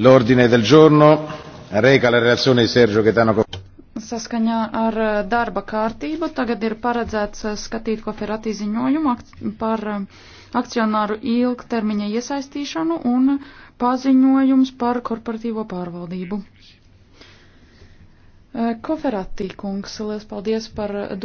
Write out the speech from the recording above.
L'ordine del giorno reca la relazione di Sergio Gaetano. Saskaņā ar eh, darba kārtību tagad ir paredzēts eh, skatīt koferatī ziņojumu par eh, akcionāru ilgtermiņa iesaistīšanu un paziņojums par korporatīvo pārvaldību. Koferatī kungs, liels paldies par.